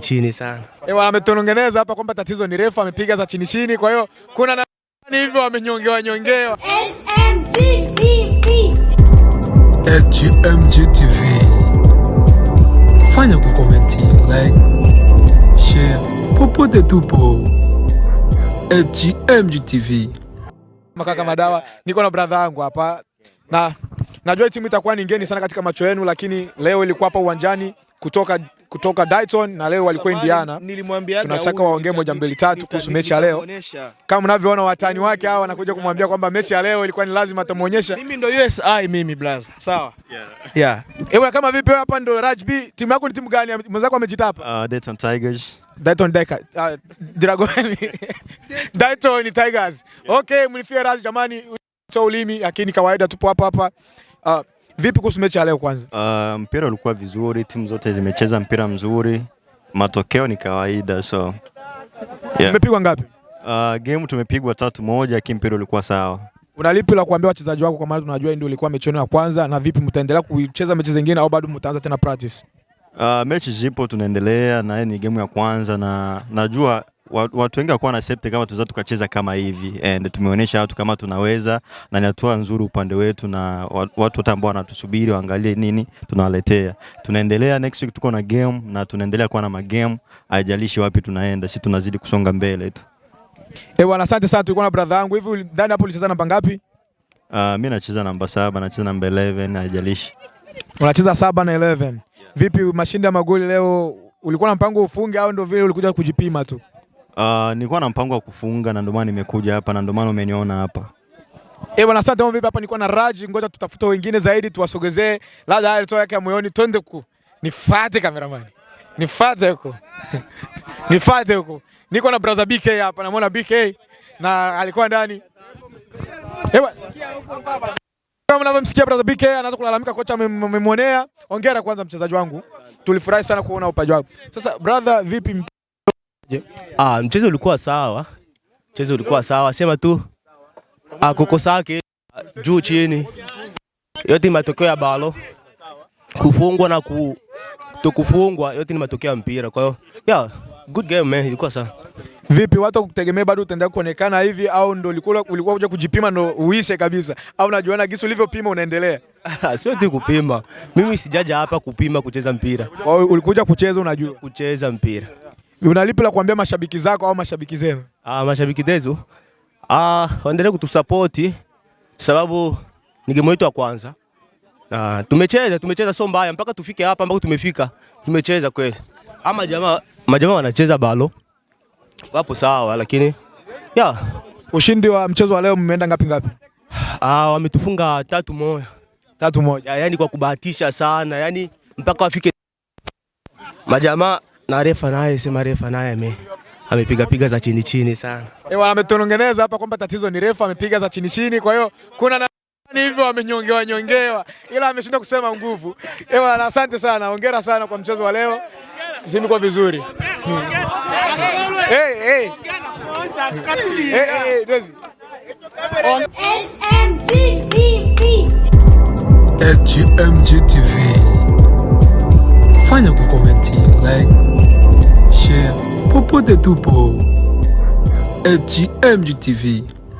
Chini sana. Ewa eh, ametuongeleza hapa kwamba tatizo ni refa amepiga za chini chini, kwa hiyo kuna na hivyo wamenyongewa nyongewa. HMG TV. Fanya comment, like, share, popote tupo. HMG TV. Makaka madawa, niko na brother wangu hapa na najua timu itakuwa ni ngeni sana katika macho yenu, lakini leo ilikuwa hapa uwanjani kutoka kutoka Dayton na leo walikuwa Indiana. Tunataka waongee moja mbili tatu kuhusu mechi ya leo. Kama mnavyoona watani wake hawa wanakuja kumwambia kwamba mechi ya leo ilikuwa ni lazima atamuonyesha. Mimi ndo USI mimi blaza. Sawa? Yeah. Yeah. Ewe kama vipi wewe hapa ndo Rajbi, timu yako ni timu gani? Mwenzako amejita hapa. Uh, Dayton Tigers. Dayton Deka. Uh, Dragon. Dayton Tigers. Okay, mlifia Rajbi jamani, ulimi lakini kawaida tupo hapa hapa. Uh, Vipi kuhusu mechi ya leo kwanza? Uh, mpira ulikuwa vizuri, timu zote zimecheza mpira mzuri, matokeo ni kawaida so yeah. Umepigwa ngapi? Uh, game tumepigwa tatu moja, lakini mpira ulikuwa sawa. Unalipi la kuambia wachezaji wako, kwa maana tunajua ndio ilikuwa mechi ya kwanza, na vipi mtaendelea kucheza mechi zingine au bado mtaanza tena practice? Uh, mechi zipo, tunaendelea na ni game ya kwanza, na najua watu wengi wakuwa na septi kama tuza tukacheza kama hivi and tumeonyesha watu kama tunaweza, na ni hatua nzuri upande wetu, na watu wote ambao wanatusubiri waangalie nini tunawaletea. Tunaendelea next week, tuko na game na tunaendelea kuwa na magame, haijalishi wapi tunaenda, si tunazidi kusonga mbele tu. Eh bwana, asante sana. Tulikuwa na brother yangu hivi ndani hapo, ulicheza namba ngapi? Uh, mi nacheza namba saba, nacheza namba 11, haijalishi. Unacheza saba na 11. Vipi mashindi ya magoli leo, ulikuwa na mpango ufunge au ndio vile ulikuja kujipima tu? Uh, nilikuwa na mpango wa kufunga na ndio maana nimekuja hapa na ndio maana umeniona hapa. Eh, bwana asante vipi hapa nilikuwa na Raji, ngoja tutafuta wengine zaidi tuwasogezee. Labda haya toa yake ya moyoni twende huko. Nifuate cameraman. Nifuate huko. Nifuate huko. Niko na brother BK hapa namuona BK na alikuwa ndani. Eh, kama mnavyomsikia brother BK anaanza kulalamika kocha amemwonea. Hongera kwanza mchezaji wangu. Tulifurahi sana kuona upaji wako. Sasa brother, vipi yeah. Ah, mchezo ulikuwa sawa, mchezo ulikuwa sawa, sema tu ah, kukosake juu chini, yote ni matokeo ya balo, kufungwa na ku tukufungwa, yote ni matokeo ya mpira. Kwa hiyo yeah, good game man, ilikuwa sawa. Vipi, watu wakutegemea bado utaendelea kuonekana hivi au ndo ulikuwa ulikuwa kuja kujipima ndo uishe kabisa, au unajiona gisi ulivyopima unaendelea? Sio tu kupima, mimi sijaja hapa kupima kucheza mpira. Kwa Ulikuja kucheza, unajua kucheza mpira. Una lipi la kuambia mashabiki zako au mashabiki zenu? Ah, mashabiki zetu ah, waendelee kutusapoti sababu ni game yetu ya kwanza. Ah, tumecheza tumecheza, so mbaya mpaka tufike hapa ambako tumefika, tumecheza kweli. Ah, majamaa majamaa wanacheza balo wapo sawa, lakini ya ushindi wa mchezo wa leo mmeenda ngapi ngapi? Ah, wametufunga tatu moja tatu moja, yaani kwa kubahatisha sana, yaani mpaka wafike majamaa na refa naye sema refa naye amepiga piga za chini chini sana. Ewa ametuongeleza hapa kwamba tatizo ni refa amepiga za chini chini, kwa hiyo kuna na hivyo wamenyongewa nyongewa, ila ameshinda kusema nguvu. Ewa asante sana, hongera sana kwa mchezo wa leo, kwa vizuri. Hey, hey. Hey, hey, HMG TV. Fanya kukomenti, like propos des Doubo, MGM du TV.